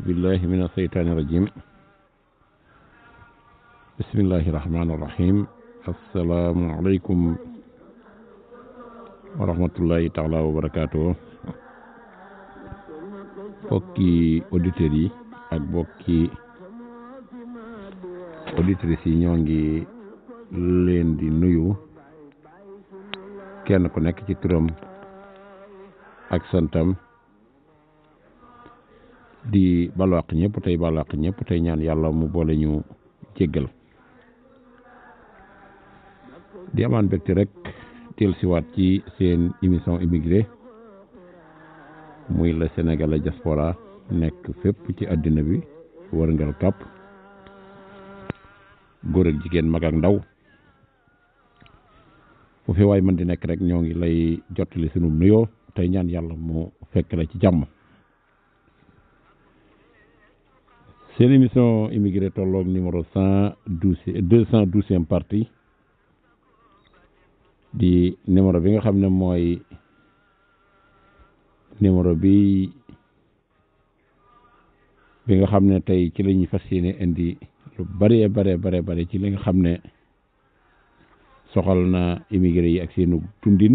بالله من الشيطان الرجيم بسم الله الرحمن الرحيم السلام عليكم ورحمة الله تعالى وبركاته bokki auditeurs yi ak bokki auditrices yi ñoo ngi leen di nuyu kenn ku nekk ci turam ak santam di balwaq ñëpp tey balwaq ñëpp tey ñaan yàlla mu boole ñu jéggal di amaan bekti rek teel siwaat ci seen émission immigré muy la sénégalais diaspora nekk fépp ci àddina bi wërngal kàpp góor ak jigéen mag ndaw fu fi waay mën di nekk rek ñoo ngi lay jottali sunu nuyoo tey ñaan yàlla mu fekk la ci jàmm seen émission immigré tolloog numéro cent douze deux cent douzième partie di numéro bi nga xam ne mooy numéro bi bi nga xam ne tey ci la ñuy fas yéene indi lu bare bare bare ci li nga xam ne soxal na immigré yi ak seenu tundin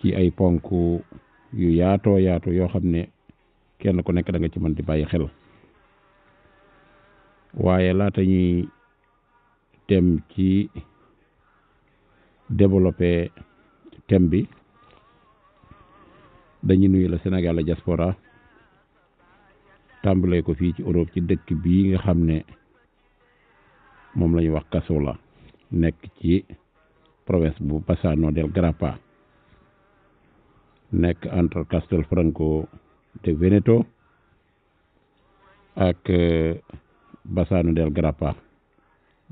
ci ay ponk yu yaato yaatu yoo xam ne kenn ku nekk danga nga ci mën di bàyyi xel waaye laata ñuy dem ci développer thème bi dañuy nuyu la senegal la diaspora tàmbalee ko fii ci Europe ci dëkk bii nga xam ne moom la ñuy wax Kasola nekk ci province bu Bassano del Grappa nekk entre Castelfranco de Veneto ak euh, Bassano del Grappa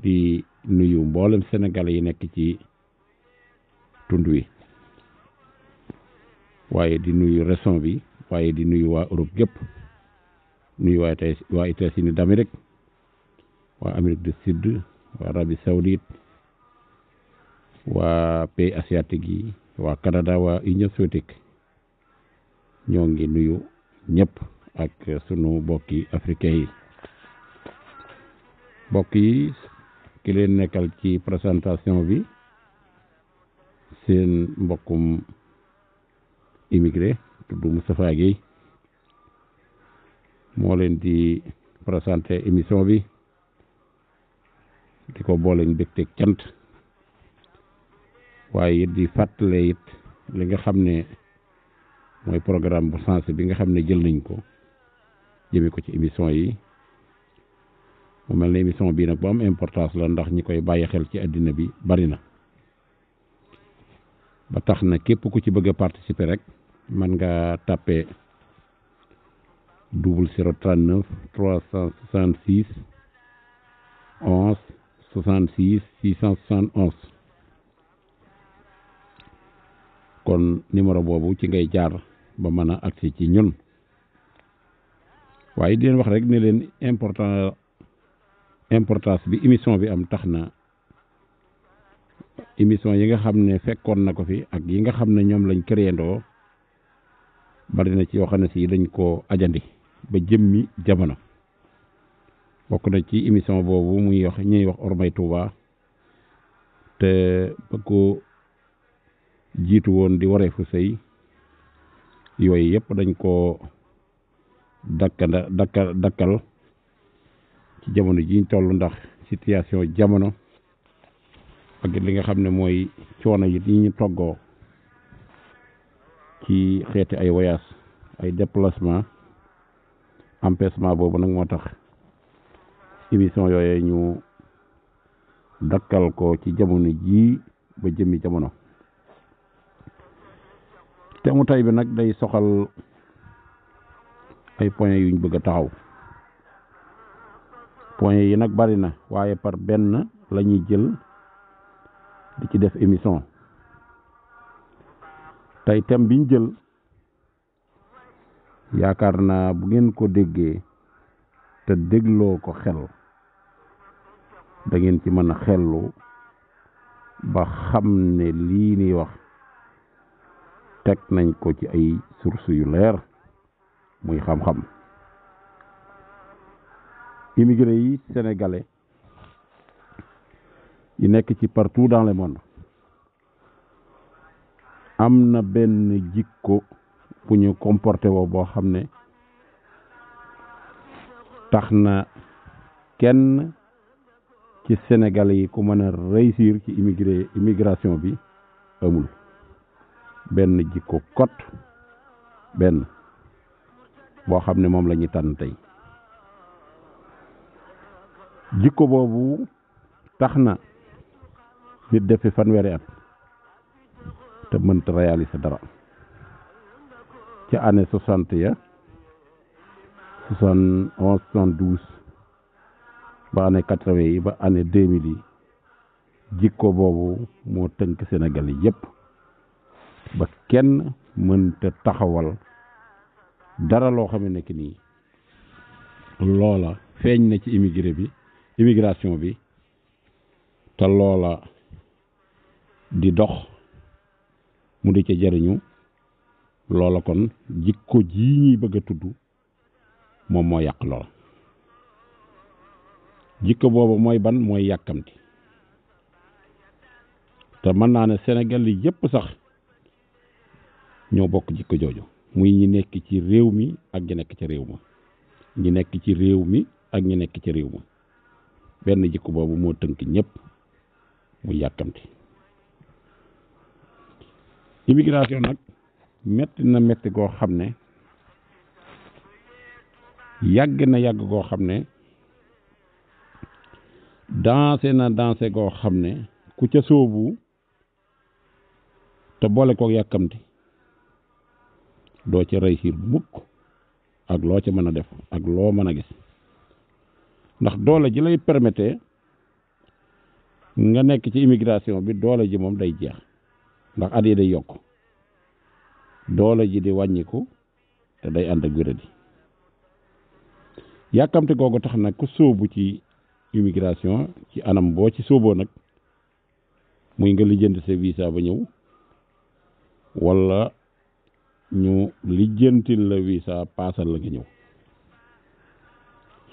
di nuyu mboolem Sénégal yi nekk ci tund wi. waaye di nuyu région bi waaye di nuyu waa Europe gépp nuyu waa tey waa États-Unis d'Amérique waa Amérique du Sud waa Arabie Saoudite waa pays asiatique yi waa Canada waa Union soviétique ñoo ngi nuyu ñëpp ak sunu mbokki africain yi mbokk yi ki leen nekkal ci présentation bi seen mbokkum immigré tudd Moustapha Guèye moo leen di présenté émission bi di ko booleñ teg cant waaye it di fàttale it li nga xam ne mooy programme bu sensé bi nga xam ne jël nañ ko jëme ko ci émission yi mu mel ne émission bii nag bu am importance la ndax ñi koy bàyyi xel ci àddina bi bari na ba tax na képp ku ci bëgg a participer rek mën nga tàppe double sero trente neuf trois cent soixante six onze soixante six six cent soixante onze kon numéro boobu ci ngay jaar ba mën a agsi ci ñun waaye di leen wax rek ne leen important importance bi émission bi am tax na émission yi nga xam ne fekkoon na ko fi ak yi nga xam ne ñoom lañ créendoo bari na ci yoo xam ne si dañ koo ajandi ba jëmmi jamono bokk na ci émission boobu muy wax ñuy wax ormay Touba te ba ko jiitu woon di waree fu sëy yooyu yëpp dañ koo dakkanda dakka dakkal ci jamono jiñ toll ndax situation jamono ak li nga xam ne mooy coono yi ñu toggoo ci xeeti ay voyage ay déplacement empêchement boobu nag moo tax émission yooyee ñu dakkal ko ci jamono jii ba jëmmi jamono te mu tey bi nag day soxal ay point yuñ bëgg a taxaw point yi nag bari na waaye par benn la ñuy jël di ci def émission tey thème biñ jël yaakaar naa bu ngeen ko déggee te dégloo ko xel dangeen ci mën a xellu ba xam ne lii nii wax teg nañ ko ci ay sources yu leer muy xam-xam immigré yi senegale yi nekk ci partout dans le monde am na benn jikko bu ñu comporté woo boo xam ne tax na kenn ci senegal yi ku mën a réussir ci immigré immigration bi amul benn jikko kot benn boo xam ne moom la ñu tànn jikko boobu tax na nit defi fanweeri at te mënta réaliser dara ca année soixante ya soixante onze soixante douze ba année quatre vingt ba année deux jikko boobu moo tënk Sénégal yi ba kenn mënta taxawal dara loo xam ne nekk nii loola feeñ na ci immigré bi immigration bi te loola di dox mu di ca jariñu loola kon jikko jii ñuy bëgg a tudd moom moo yàq loola jikko boobu mooy ban mooy yàkkamti te mën naa ne senegal li yëpp sax ñoo bokk jikko jooju muy ñu nekk ci réew mi ak ñi nekk ci réew ma ñu nekk ci réew mi ak ñu nekk ci réew ma benn jikko boobu moo tënk ñépp mu yàkkamti immigration nag metti na metti goo xam ne yàgg na yàgg goo xam ne dansé na dansé goo xam ne ku ca sóobu te boole kook yàkkamti doo ca réussir mukk ak loo ca mën a def ak loo mën a gis ndax doole ji lay permettre nga nekk ci immigration bi doole ji moom day jeex ndax at yi yokk doole ji di wàññiku te day ànd ak wéradi yàkkamte googu tax nag ku sóobu ci immigration ci anam boo ci sóoboo nag muy nga lijjanti sa visa ba ñëw walla ñu lijjantil la visa paasal la nga ñëw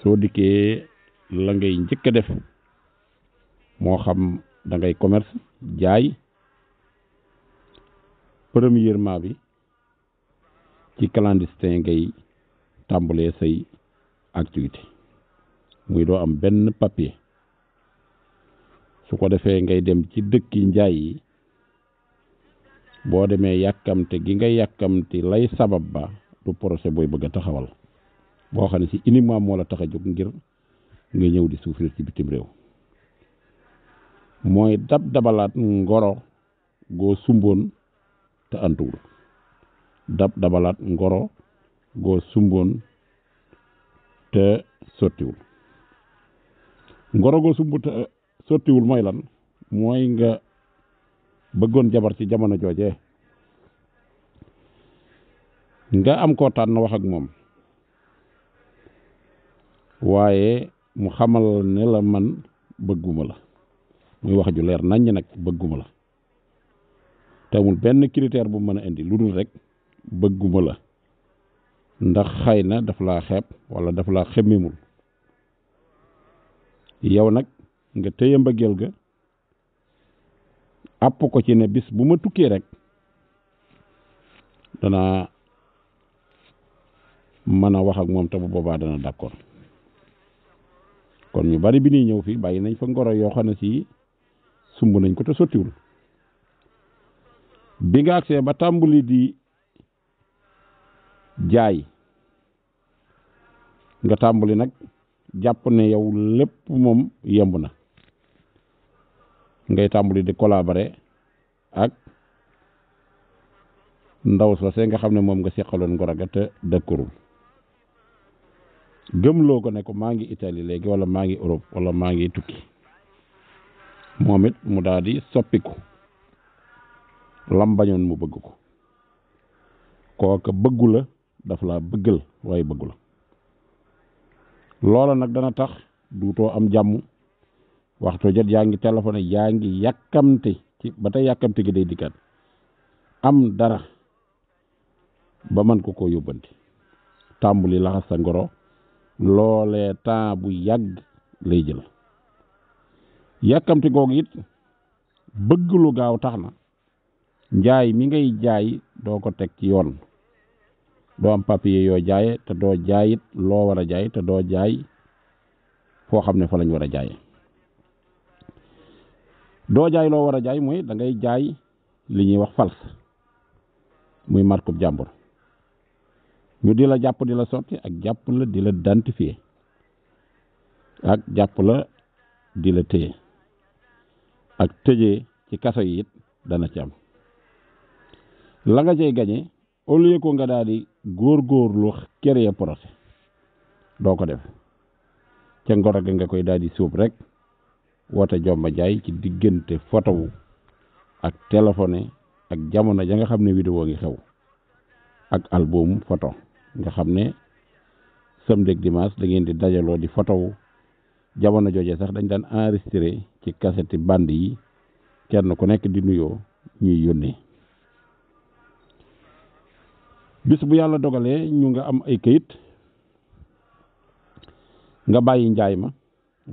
soo dikkee la ngay njëkk a def moo xam dangay ngay jaay premièrement bi ci clandestin ngay tàmbalee say activité muy doo am benn papier su ko defee ngay dem ci dëkki njaay yi boo demee yàkkamte gi nga yàkkamti lay sabab ba du procès booy bëgg a taxawal boo xam ne si uniquement moo la tax a jóg ngir nga ñëw di souffrir ci bitim réew mooy dab dabalaat ngoro goo sumboon te antuwul dab dabalaat ngoro goo sumboon te sottiwul ngoro goo sumb sottiwul mooy lan mooy nga bëggoon jabar ci jamono jooje nga am koo tànn wax ak moom waaye mu xamal ne la man bëgguma la muy wax ju leer naññi nag bëgguma la te benn critère bu mën a indi lu dul rek bëgguma la ndax xay na daf laa xeeb wala daf laa xemmimul yow nag nga téye mbëggeel ga àpp ko ci ne bis bu ma tukkee rek danaa mën a wax ak moom te bu boobaa dana d'accord kon ñu bari bi ñuy ñëw fii bàyyi nañ fa ngoro yoo xam ne si sumb nañ ko te sottiwul bi nga agsee ba tàmbali di jaay nga tàmbali nag jàpp ne yow lépp moom yemb na ngay tàmbali di kolaabare ak ndaw soose nga xam ne moom nga seqaloon ngoro ga te dëkkurul gëmloo ko ne ko maa ngi Italie léegi wala maa ngi Europe wala maa ngi tukki moom it mu daal di soppiku lam mu bëgg ko kooka bëggu la daf laa bëggal waaye bëggula loola nag dana tax duutoo am jàmm waxtu jot yaa ngi téléphoné yaa ngi yàkkamte ci ba tey yàkkamte gi day dikkaat am dara ba mën ko koo yóbbanti tàmbuli laxas sa ngoro loolee temps bu yàgg lay jël yàkkamte googu it bëgg gaaw tax na njaay mi ngay jaay doo ko teg ci yoon doo am papier yoo jaaye te doo jaayit loo war a jaay te doo jaay foo ne fa war a jaay doo jaay loo war a jaay mooy dangay jaay li ñuy wax fals muy markub jàmbur ñu di la jàpp di la sotti ak jàpp la di la identifier ak jàpp la di la téye ak tëje ci kaso it dana ci am la nga cay gañe au ko nga daal di góorgóorlu créer projet doo ko def ca ngoro ga nga koy daal di suub rek woote jomba jaay ci diggante fotowu ak téléphoné ak jamono ja nga xam ne vidéo ngi xew ak album photo nga xam ne samedi ak dangeen di dajaloo di fotowu jamono joojee sax dañ daan enregistré ci cassette bande yi kenn ku nekk di nuyoo ñuy yónnee bis bu yàlla dogalee ñu nga am ay kayit nga bàyyi njaay ma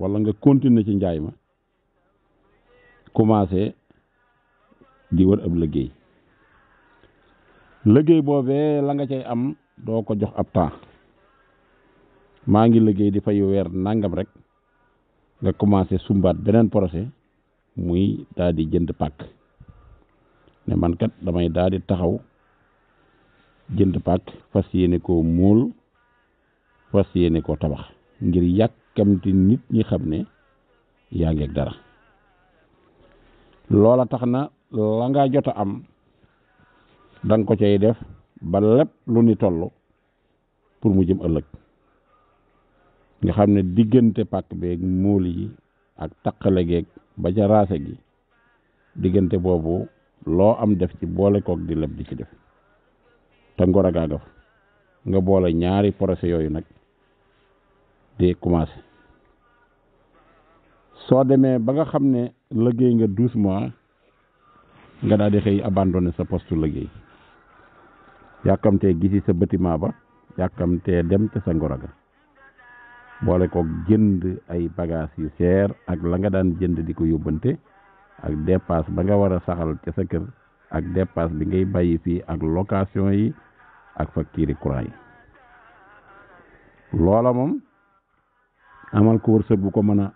walla nga continuer ci njaay ma commencé di wër ab liggéey liggéey boobee la nga cay am doo ko jox ab temps maa ngi liggéey di fay weer nangam rek nga commencé sumbaat beneen projet muy daal di jënd pàkk ne man kat damay daal di taxaw jënd pàkk fas yéene koo móol fas yéene koo tabax ngir yàkkamti nit ñi xam ne yaa ngeeg dara loola tax na la jot a am danga nga ko cay def ba lépp lu ni toll pour mu jëm ëllëg nga xam ne diggante pàkk beeg móol yi ak taqale geeg ba ca raase gi diggante boobu loo am def ci boole koog di leb di ci def te ngor a gaa nga fa nga boole ñaari projet yooyu nag di commencé soo demee ba nga xam ne liggéey nga duus mois nga daal di xëy abandonné sa poste liggéey yàkkamtee gisi sa bâtiment ba yàkkamtee dem te sa ngoro ga boole ko jënd ay bagages yu seer ak la nga daan jënd di ko yóbbante ak dépasse ba nga war a saxal ca sa kër ak dépasse bi ngay bàyyi fii ak location yi ak facture yi courant loola moom amal ko wërsëg bu ko mën a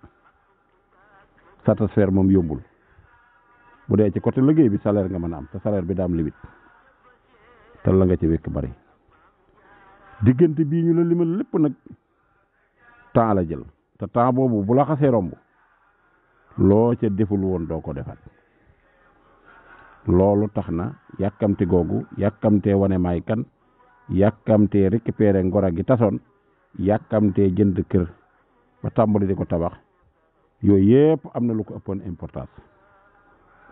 satisfaire moom yombul bu dee ci côté liggéey bi salaire nga mën a am te salaire bi daam limite te la nga ci wékk bari diggante bii ñu la limal lépp nag temps la jël te temps boobu bu la xasee romb loo ca deful woon doo ko defaat loolu tax na yàkkamti googu yàkkamtee wane maay kan yàkkamtee récupérer ngora gi tasoon yàkkamtee jënd kër ba tàmbali di ko tabax yooyu yëpp am na lu ko ëppoon importance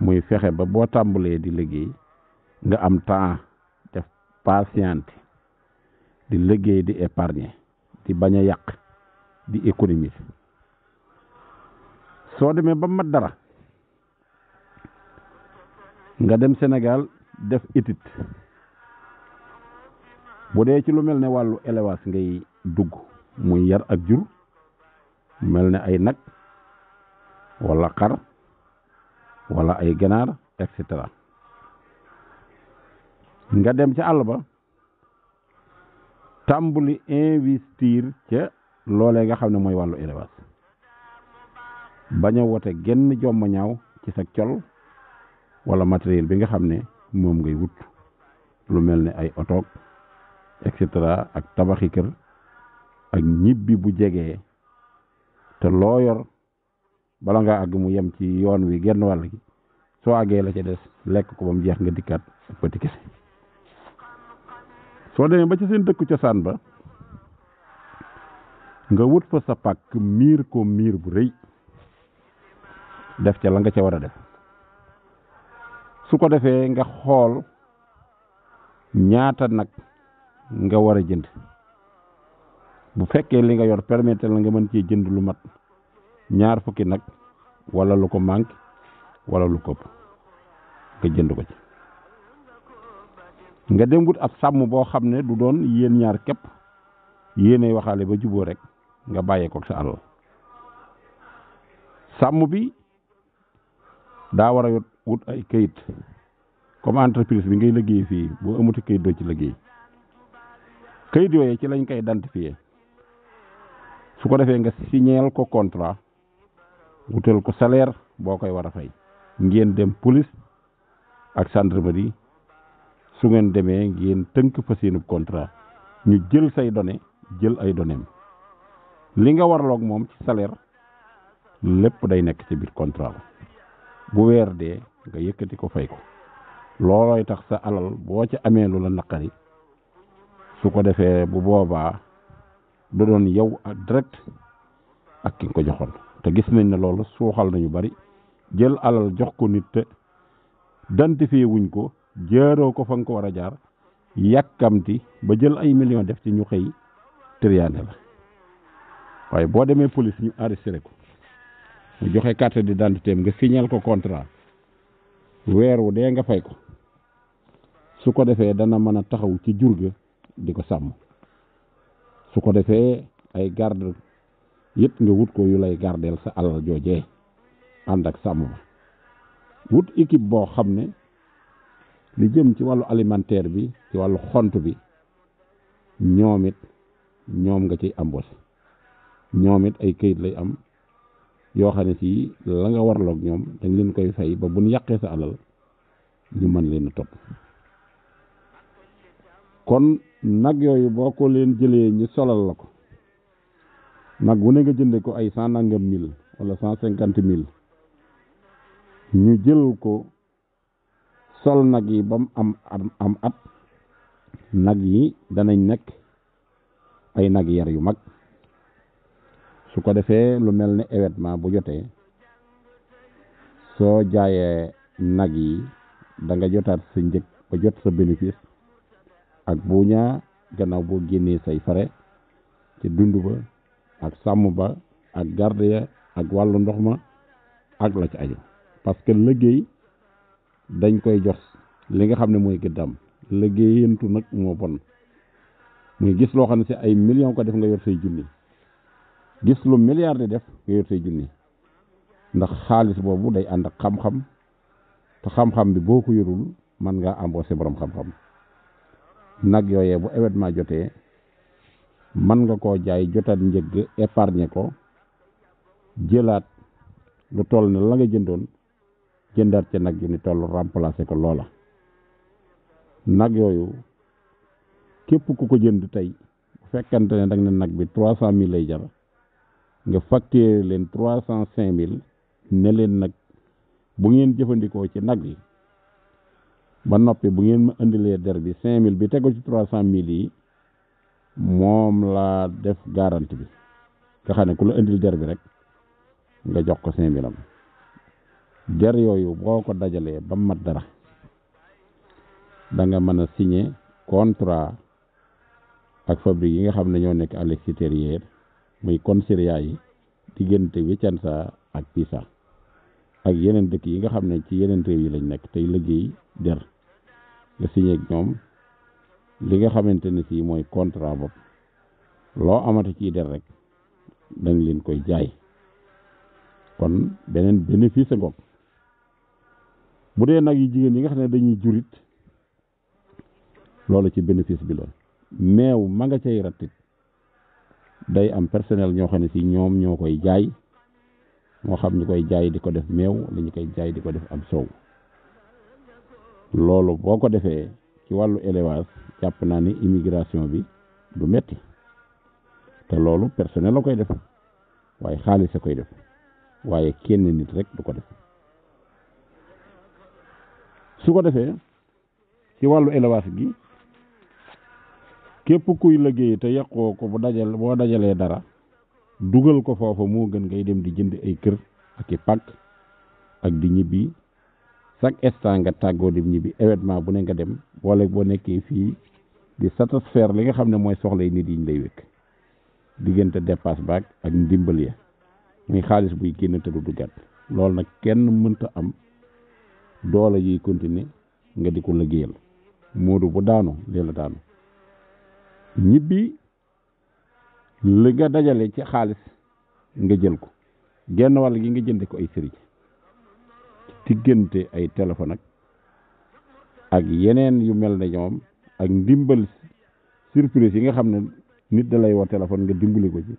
muy fexe ba boo tàmbalee di liggéey nga am temps def patiente di liggéey di épargner di bañ a yàq di économiser soo demee ba mat dara nga dem Sénégal def étude bu dee ci lu mel ni wàllu élevage ngay dugg muy yar ak jur mel ni ay nag wala xar wala ay ganaar et cetera nga dem ca àll ba tàmbali investir ca loolee nga xam ne mooy wàllu élevage bañ wote genn jomb ñaaw ci sa col walla matériel bi nga xam ne moom ngay wut lu mel ni ay otoog et ak tabaxi kër ak ñibbi bu jegee te loo yor bala nga àgg mu yem ci yoon wi genn wàll gi soo àggee la ca des lekk ko ba mu jeex nga dikkaat pëti kese soo demee ba ca seen dëkk cosaan ba nga wut fa sa pàkk miir ko miir bu rëy def ca la nga ca war a def su ko defee nga xool ñaata nag nga war a jënd bu fekkee li nga yor permettre la nga mën cee jënd lu mat ñaar fukki nag wala lu ko manque walla lu këpp nga jënd ko ci nga dem wut ab sàmm boo xam ne du doon yéen ñaar képp yéenay waxaale ba juboo rek nga bàyyee ko sa alal sàmm bi daa war a wut ay kayit comme entreprise bi ngay liggéey fii boo amuti kayit doo ci liggéey kayit yooyu ci lañ koy identifier su ko defee nga signeel ko contrat wutal ko salaire boo koy war a fay ngeen dem police ak gendarmerie su ngeen demee ngeen tënk fa seenub contrat ñu jël say données jël ay données li nga warloog moom ci salaire lépp day nekk ci biir contrat la bu weer dee nga yëkkati ko fay ko loolooy tax sa alal boo ca amee lu la naqari su ko defee bu boobaa du doon yow direct ak ki nga ko joxoon te gis nañ ne loolu suuxal nañu bari jël alal jox ko nit te dantifié wuñ ko jaaroo ko fa nga ko war a jaar yàkkamti ba jël ay millions def ci ñu xëy triyaane la waaye boo demee polis ñu arrêté ko mu joxe di d'identité nga signal ko contrat weer wu dee nga fay ko su ko defee dana mën a taxaw ci jur gi di ko sàmm su ko defee ay garde yëpp nga wut ko yu lay gardeel sa alal joojee ànd ak sàmm ba wut équipe boo xam ne li jëm ci wàllu alimentaire bi ci wàllu xont bi ñoom it ñoom nga ciy embauché ñoom it ay këyit lay am yoo xam ne si la nga warloog ñoom dañ leen koy fay ba buñ yàqee sa alal ñu mën leen a topp kon nag yooyu boo ko leen jëlee ñu solal la ko nag wu ne nga jënde ko ay cent nangam mille wala cent cinquante mille ñu jël ko sol nag yi ba mu am am at nag yi danañ nekk ay nag yar yu mag su ko defee lu mel ne événement bu jotee soo jaayee nag yi da nga jotaat sa njëg ba jot sa bénéfice ak buuñaa gannaaw boo génnee say fare ca dund ba ak sàmm ba ak garde ya ak wàllu ndox ma ak la ca aju parce que liggéey dañ koy jox li nga xam ne mooy gëddaam liggéeyantu nag moo bon muy gis loo xam ne si ay million ko def nga yor say junni gis lu milliard def nga yor say junni ndax xaalis boobu day ànd ak xam-xam te xam-xam bi boo ko yorul mën ngaa embauché borom xam-xam nag yooyee bu événement jotee mën nga koo jaay jotaat njëgg épargner ko jëlaat lu toll ne langa jëndoon jëndaat ca nag yu ni toll remplacer ko loola nag yooyu képp ku ko jënd tey bu fekkante ne danga ne nag bi trois cent mille lay jar nga facturer leen trois cent cinq mille ne leen nag bu ngeen jëfandikoo ci nag yi ba noppi bu ngeen ma indilee der bi cinq mille bi tegu ci trois cent mille yi moom laa def garanti bi nga xam ne ku la indil der bi rek nga jox ko cinq mille am der yooyu boo ko dajalee ba mat dara danga mën a signer contrat ak fabrique yi nga xam ne ñoo nekk à l'extérieur muy commissariat yi diggante Vicenza ak Pisa ak yeneen dëkk yi nga xam ne ci yeneen réew yi lañ nekk tey liggéey der nga signé ak ñoom li nga xamante ne si mooy contrat bopp loo amata ci der rek dañ leen koy jaay kon beneen bénéfice ngoog bu dee nag yu jigéen yi nga xam ne dañuy jurit loolu ci bénéfice bi lool meew ma nga cay rattit day am personnel ñoo xam ne si ñoom ñoo koy jaay moo xam ñu koy jaay di ko def meew wala ñu koy jaay di ko def am soow loolu boo ko defee ci wàllu élevage jàpp naa ni immigration bi du metti te loolu personnel la koy def waaye xaalis a koy def waaye kenn nit rek du ko def su ko defee ci wàllu élevage gi képp kuy liggéey te yàqoo ko bu dajal boo dajalee dara dugal ko foofa moo gën ngay dem di jënd ay kër ak i pàkk ak di ñibbi chaque instant nga tàggoo dem ñibbi événement bu ne nga dem boole boo nekkee fii di satisfaire li nga xam ne mooy soxlay nit yi ñu lay wékk diggante dépasse baag ak ndimbal ya muy xaalis buy génn te du duggaat loolu nag kenn mënta am doole yuy continuer nga di ko liggéeyal moodu bu daanu lee daanu li nga dajale ci xaalis nga jël ko genn walla gi nga jënde ko ay sëriñ ci diggante ay téléphone ak ak yeneen yu mel ne ñoom ak ndimbal surprise yi nga xam ne nit da lay woo téléphone nga dimbali ko ci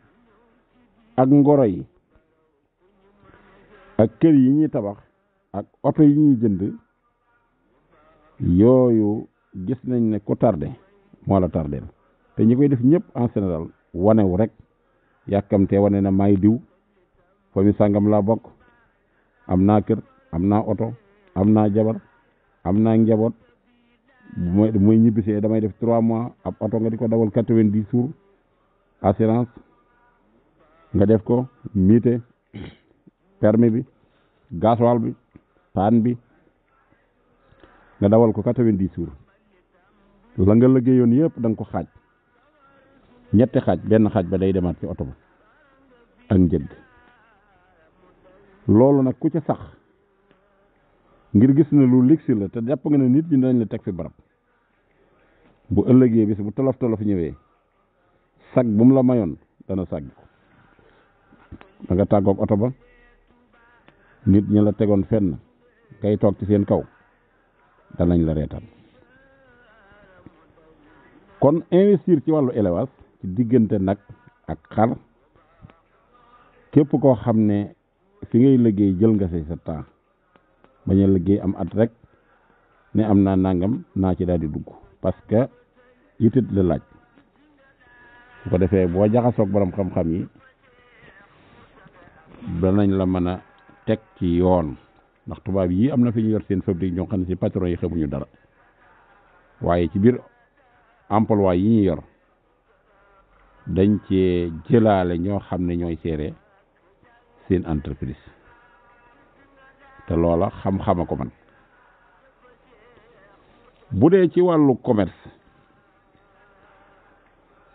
ak ngoro yi ak kër yi ñuy tabax ak oto yi ñuy jënd yooyu gis nañ ne ku tardé moo la tardé te ñi koy def ñëpp en général wanewu rek yàkkamtee wane na maay diw famille sàngam laa bokk am naa kër am naa oto am naa jabar am naa njaboot mooy mooy ñibbisee damay def trois mois ab oto nga di ko dawal quatre-vingt-dix jours assurance nga def ko miite permis bi gasoil bi paan bi nga dawal ko quatre-vingt-dix jours la nga liggéeyoon yëpp da ko xaaj ñetti xaaj benn xaaj ba day demaat ci oto ba ak njëg loolu nag ku ci sax ngir gis na lu ligsi la te jàpp nga ne nit ñi dañ la teg fi barab bu ëllëgee bis bu tolof ñëwee sag bu la mayoon dana sag ko nga tàggoog oto ba nit ñi la tegoon fenn kay toog ci seen kaw danañ la reetaan kon investir ci wàllu élevage ci diggante nag ak xar képp koo xam ne fi ngay liggéey jël nga say sa temps bañ a liggéey am at rek ne am naa nangam naa ci daal di dugg parce que yitit la laaj su ko defee boo jaxasoog borom xam-xam yi danañ la mën a teg ci yoon ndax tubaab yii am na fi ñu yor seen fabrique ñoo xam ne si patron yi xamuñu dara waaye ci biir emploi yi ñu yor dañ cee jëlaale ñoo xam ne ñooy seere seen entreprise te loola xam-xama ko man bu dee ci wàllu commerce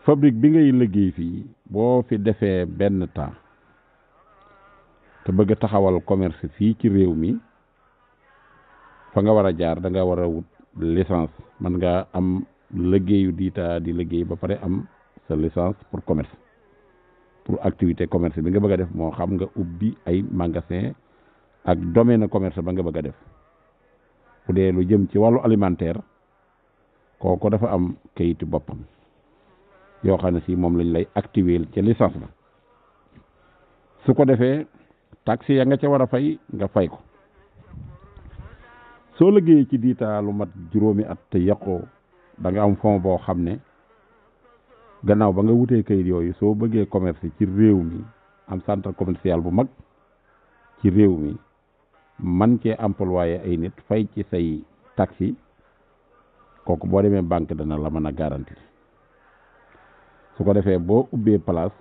fabrique bi ngay liggéey fii boo fi defee benn temps te bëgg taxawal commerce fii ci réew mi fa nga war a jaar da war a wut licence mën nga am liggéeyu diitaa di liggéey ba pare am sa licence pour commerce pour activité commerce bi nga bëgg a def moo xam nga ubbi ay magasin ak domaine commerce ba nga bëgg a def bu dee lu jëm ci wàllu alimentaire kooku dafa am kayitu boppam yoo xam ne si moom lañ lay activer ca licence ba su ko defee taxe ya nga ca war a fay nga fay ko soo liggéeyee ci diitaa mat juróomi at te yàqoo da nga am fond boo xam ne gannaaw ba nga wutee kayit yooyu soo bëggee commerce ci réew mi am centre commercial bu mag ci réew mi man cee employé ay nit fay ci say taxi kooku boo demee banque dana la mën a garantir su ko defee boo ubbee place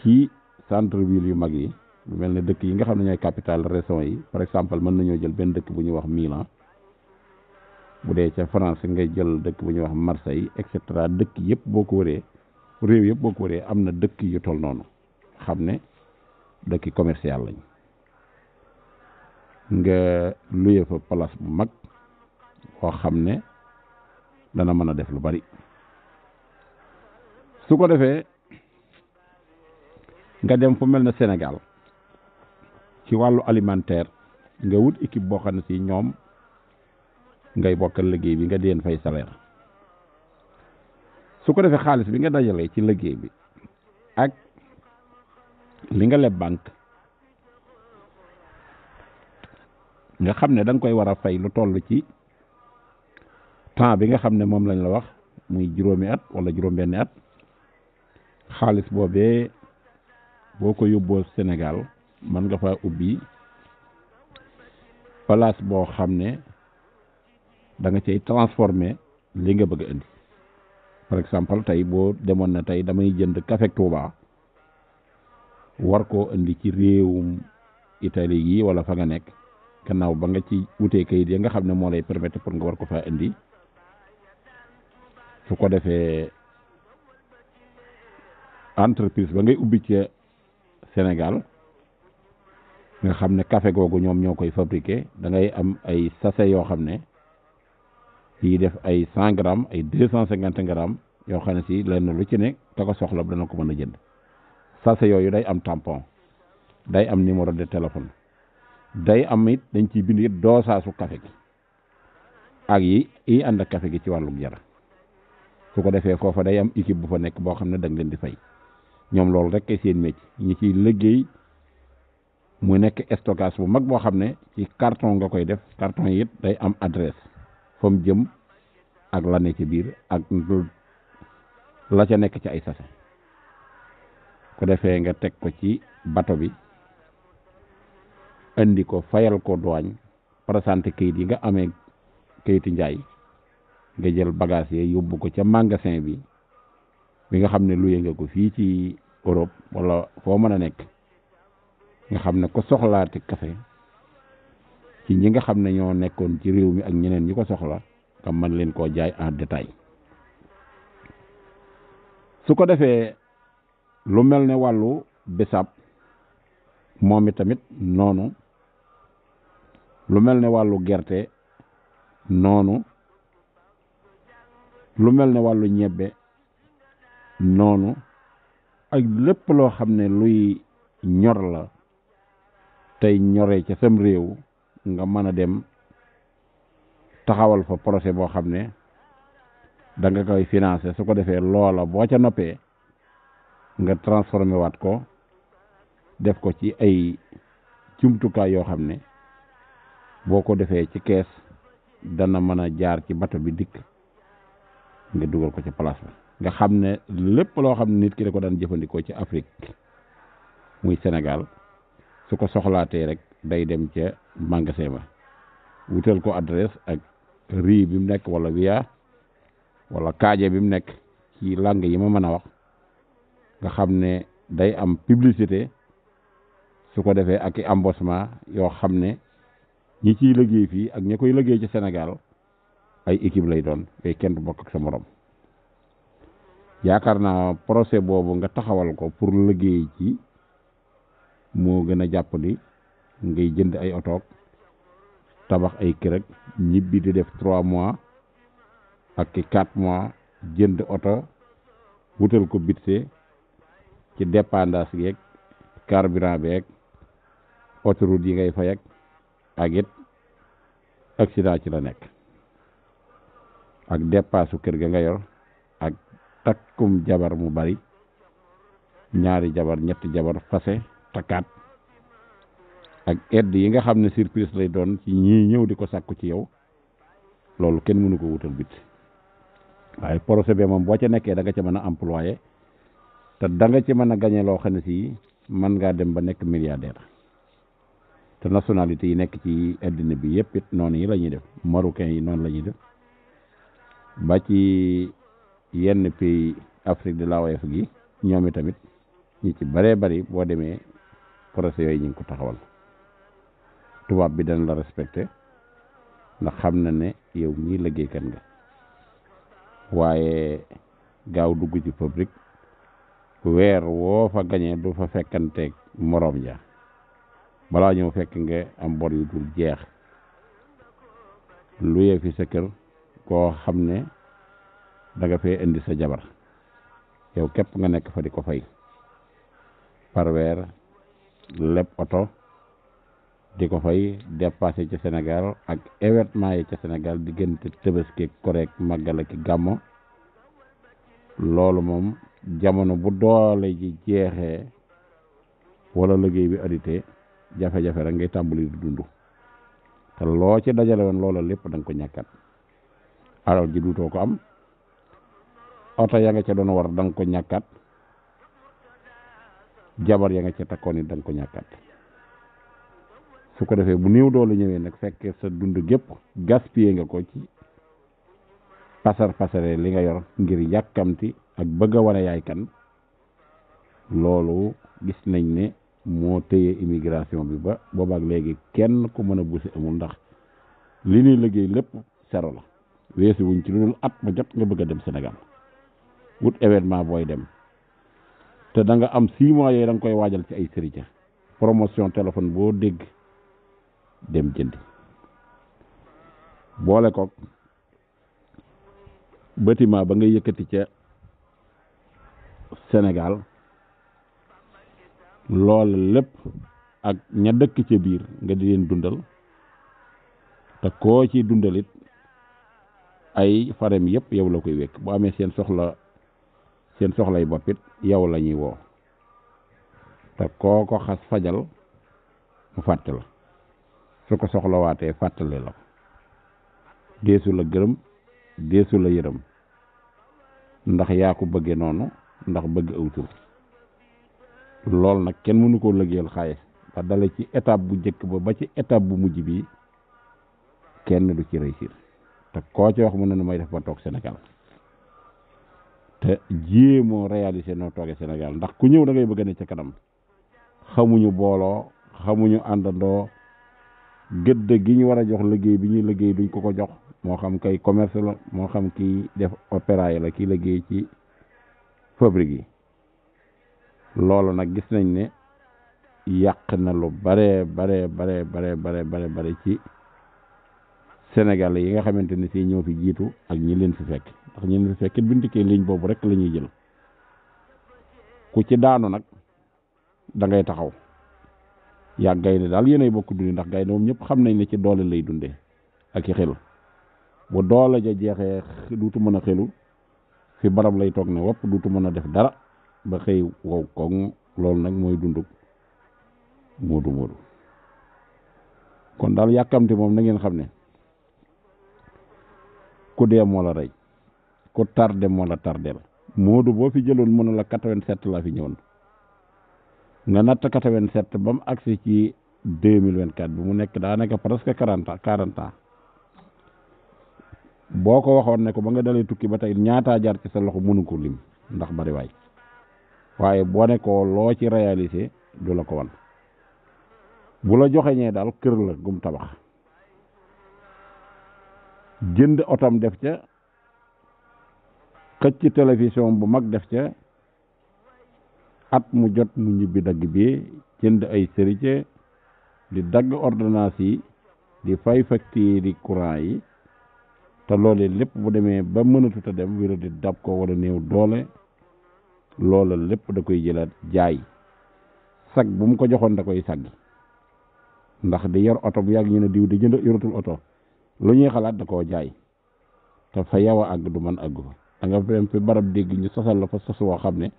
ci centre ville yu mag yi lu mel ne dëkk yi nga xam ne ñooy capitale région yi par exemple mën nañoo jël benn dëkk bu ñu wax Milan bu dee ca France ngay jël dëkk bu ñuy wax Marseille et cetera dëkk yëpp boo ko wëree réew yëpp boo ko wëree am na dëkk yu toll noonu xam ne dëkki commercial lañ nga luye fa place bu mag boo xam ne dana mën a def lu bari su ko defee nga dem fu mel ne Sénégal ci wàllu alimentaire nga wut équipe boo xam ne si ñoom. ngay bokkal liggéey bi nga deen fay salaire su ko defee xaalis bi nga dajalee ci liggéey bi ak li nga leb banque nga xam ne da koy war a fay lu toll ci temps bi nga xam ne moom lañ la wax muy juróomi at wala juróom-benni at xaalis boobee boo ko yóbboo Sénégal mën nga fa ubbi place boo xam ne da nga cay transformer li nga bëgg indi par exemple tey boo demoon na tey damay jënd café Touba war koo indi ci réewum Italie yi wala fa nga nekk gannaaw ba nga ci wutee kayit yi nga xam ne moo lay permettre pour nga war ko faa indi su ko defee entreprise ba ngay ubbi ca Sénégal nga xam ne café googu ñoom ñoo koy fabriqué da ngay am ay sachet yoo xam ne fii def ay cent grammes ay deux cent cinquante grammes yoo xam ne si lenn lu ci ne te ko soxla dana ko mën a jënd sachet yooyu day am tampon day am numéro de téléphone day am it dañ ciy bind it doosaasu café gi ak yi yi ànd ak café gi ci wàllu jara su ko defee foofa day am équipe bu fa nekk boo xam ne da leen di fay ñoom loolu rek kay seen métier ñi ciy liggéey mu nekk stockage bu mag boo xam ne ci carton nga koy def carton yi day am adresse fa jëm ak la ne biir ak la ca nekk ci ay sase ko defee nga teg ko ci bato bi indi ko fayal ko duwaañ présenté kayit yi nga amee kayiti njaay nga jël bagage yi yóbbu ko ca magasin bi bi nga xam ne luye nga ko fii ci Europe walla foo mën a nekk nga xam ne ko soxlaati café ci ñi nga xam ne ñoo nekkoon ci réew mi ak ñeneen ñi ko soxla nga mën leen koo jaay en détail su ko defee lu mel ne wàllu bisaab moom i tamit noonu lu mel ne wàllu gerte noonu lu mel ne wàllu ñebbe noonu ak lépp loo xam ne luy ñor la tey ñoree ca sam réew nga mën a dem taxawal fa projet boo xam ne da nga koy financer su ko defee loola boo ca noppee nga transformé waat ko def ko ci ay jumtukaay yoo xam ne boo ko defee ci kees dana mën a jaar ci bato bi dikk nga dugal ko ci place bi nga xam ne lépp loo xam ne nit ki da ko daan jëfandikoo ci Afrique muy Sénégal su ko soxlaatee rek day dem ca magasin ma wutal ko adresse ak rii bi mu nekk wala wiya wala kaaje bi mu nekk ci langue yi ma mën a wax nga xam ne day am publicité su ko defee ak i embossement yoo xam ne ñi ciy liggéey fii ak ña koy liggéey ci senegal ay équipe lay doon yooyu kenn du bokk ak sa moroom yaakaar naa procès boobu nga taxawal ko pour liggéey ci moo gën a jàpp di ngay jënd ay otoog tabax ay kër ñibbi di def trois mois ak ki quatre mois jënd oto wutal ko bitse ci dépendance yeeg carburant beeg autoroute yi ngay fay ak ak it ci la nekk ak dépassu kër ga nga yor ak takkum jabar mu bari ñaari jabar ñetti jabar fase takkaat ak edd yi nga xam ne surprise lay doon ci ñii ñëw di ko sàkku ci yow loolu kenn mënu ko wutal bit waaye projet bi moom boo ca nekkee da nga ca mën a employé te danga nga ci mën a gañe loo xam ne si mën ngaa dem ba nekk milliardaire te nationalité yi nekk ci addina bi yëpp it noonu yi lañuy def marocain yi noonu lañuy def ba ci yenn pays Afrique de l'Ouest gi ñoom i tamit ñi ci baree bëri boo demee projet yooyu ñu ngi ko taxawal tubaab bi dana la respecté ndax xam na ne yow mii liggéeykat nga waaye gaaw dugg ci public weer woo fa gañee du fa fekkanteeg moroom ja balaa ñëw fekk nga am bor yu dul jeex luyee fi sa kër koo xam ne da nga fee indi sa jabar yow képp nga nekk fa di ko fay par weer lépp oto di ko fay dépassé ca senegaal ak événement yi ca Sénégal diggante tëbaski korek màggal ak gàmmo loolu moom jamono bu doole ji jeexee wala liggéey bi arrêté jafe-jafe rek ngay tàmbali di te loo ci dajale woon loola lépp danga ko ñàkkat alal ji duutoo ko am oto ya nga ca doon war da nga ko ñàkkat jabar ya nga ca takkoon it da nga ko ñàkkat su ko defee bu néew doole ñëwee nag fekkee sa dund gépp gaspillé nga ko ci pasar pasare li nga yor ngir yàkkamti ak bëgg a wane yaay kan loolu gis nañ ne moo téye immigration bi ba boobaak léegi kenn ku mën a busi amul ndax li ñuy liggéey lépp sero la weesu wuñ ci lu dul at ma jot nga bëgg a dem Sénégal wut événement booy dem te danga am six mois yooyu da nga koy waajal ci ay sëriñ promotion téléphone boo dégg dem jëndi boole ko bâtiment ba ngay yëkkati ca Sénégal loola lépp ak ña dëkk ca biir nga di leen dundal te koo ciy dundalit ay farem yëpp yow la koy wékk bu amee seen soxla seen soxlay boppit yow la ñuy woo te koo ko xas fajal mu fàtte la su ko soxlawaatee fàttali la ko la gërëm deesu la yërëm ndax yaa ko bëgge noonu ndax bëgg aw tur loolu nag kenn mënu koo lëggeel xaalis ba dale ci étape bu njëkk ba ba ci étape bu mujj bii kenn du ci réussir te koo ci wax mu ne nu may def ba toog Sénégal te jiyee moo réalisé noo tooge Sénégal ndax ku ñëw da ngay bëgg ne ca kanam xamuñu booloo xamuñu àndandoo gëdd gi ñu war a jox liggéey bi ñuy liggéey duñ ko ko jox moo xam kay commerce la moo xam kii def opéra yi la kii liggéey ci fabrique yi loolu nag gis nañ ne yàq na lu bare bare bare bare bare bare bare ci Sénégal yi nga xamante ni si ñëw fi jiitu ak ñi leen fi fekk ndax ñi leen fi fekk bu ñu dikkee boobu rek la ñuy jël ku ci daanu nag da ngay taxaw yaa gaynde daal yéenay bokk dund ndax gaynde moom ñëpp xam nañ ne ci doole lay dundee ak i xelu bu doole ja jeexee duutu mën a xelu fi barab lay toog na wopp duutu mën a def dara ba xëy wow koŋ loolu nag mooy dunduk moodu moodu kon daal yàkkamte moom na ngeen xam ne ku dee moo la rey ku tardé moo la tardé la moodu boo fi jëloon mën a la quatre-vingt-sept laa fi ñëwoon nga natt quatre vingt ba mu agsi ci deux mille vingt-quatre bi mu nekk daanaka presque quarante ans boo ko waxoon ne ko ba nga dalee tukki ba tey ñaataa jar ci sa loxo mënu ko lim ndax bari waay waaye boo ne loo ci réyalisé du la ko wan bu la joxeñee daal kër la gum tabax jënd otom def ca xëcc télévision bu mag def ca at mu jot mu ñibbi dagg bi jënd ay serite di dagg ordonnance yi di fay facture yi yi te loolee lépp bu demee ba mënatut a dem wéra di dab ko wala néew doole loola lépp da koy jëlaat jaay sag bu mu ko joxoon da koy saggi ndax di yor oto bu yàgg ñu ne diw di jënd yoratul oto lu ñuy xalaat da koo jaay te fa yow a àgg du man àggu fa da nga fi barab dégg ñu sosal la fa sos woo xam ne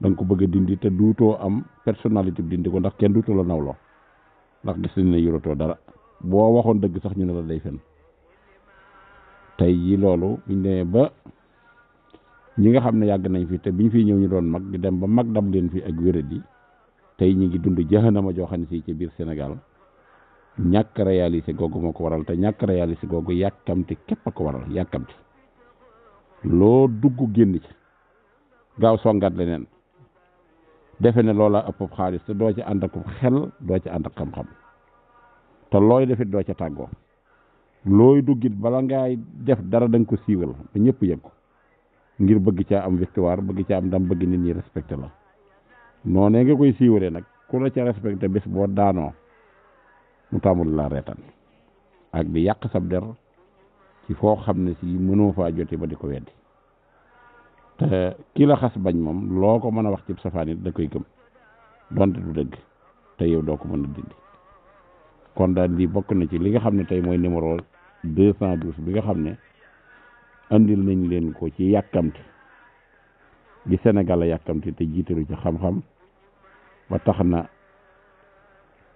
da ko bëgg a dindi te duutoo am personnalité bi dindi ko ndax kenn duutu la nawloo ndax gis nañ ne yorotoo dara boo waxoon dëgg sax ñu ne la day fen tey yi loolu biñ demee ba ñi nga xam ne yàgg nañ fi te biñ fiy ñëw ñu doon mag di dem ba mag dab leen fi ak wéradi tey ñi ngi dund jaxanama joo xam ne si ci biir Sénégal ñàkk réalisé googu moo ko waral te ñàkk réalisé googu yàkkamti képp a ko waral yàkkamti loo dugg génn ci gaaw songaat leneen defe ne loola ëpp xaalis te doo ci ànd ak xel doo ci ànd ak xam-xam te looy defit doo ca tàggoo looy duggit bala ngaay def dara da nga ko siiwal ba ñëpp yëg ko ngir bëgg caa am victoire bëgg caa am ndam bëgg nit ñi respecté la noonee nga koy siiwalee nag ku la ca respecté bés boo daanoo mu tàmmul la reetaan ak bi yàq sab der ci foo xam ne si mënoo faa jote ba di ko weddi te ki la xas bañ moom loo ko mën a wax ci safaan it da koy gëm donte du dëgg te yow doo ko mën a dindi kon daal lii bokk na ci li nga xam ne tey mooy numéro bi nga xam ne andil nañ leen ko ci yàkkamte gi Sénégal a yàkkamti te jiitalu ci xam-xam ba tax na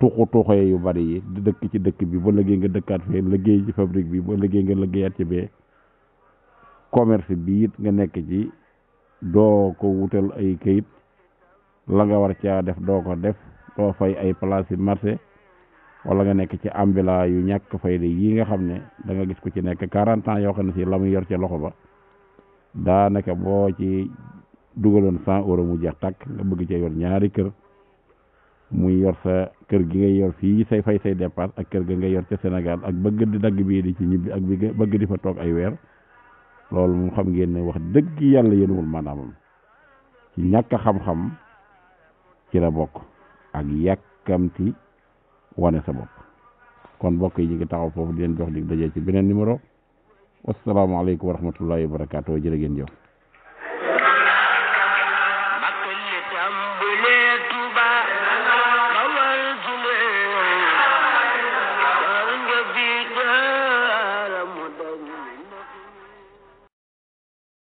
tuxu tuxoye yu bari yi di dëkk ci dëkk bi ba liggéey nga dëkkaat fee liggéey ci fabrique bi ba liggéey nga liggéeyaat ci bee commerce bi nga nekk ci doo ko wutal ay kayit la nga war caa def doo ko def doo fay ay place yi marché wala nga nekk ci ambila yu ñàkk fayda yi nga xam ne da gis ku ci nekk quarante ans yoo xam ne si la muy yor ca loxo ba daanaka boo ci dugaloon cent euros mu jeex tàkk nga bëgg cee yor ñaari kër muy yor sa kër gi ngay yor fii say fay say dépense ak kër ga ngay yor ca Sénégal ak bëgg di dagg bii di ci ñibbi ak bi bëgg di fa toog ay weer loolu moom xam ngeen ne wax dëgg yàlla yéenuwul maanaamam ci ñàkk xam-xam ci la bokk ak yàkkamti wane sa bopp kon bokk yi ñu ngi taxaw foofu di leen jox dig dajee ci beneen numéro wasalaamaaleykum wa rahmatullahi wa barakaatu jëla ngeen jëf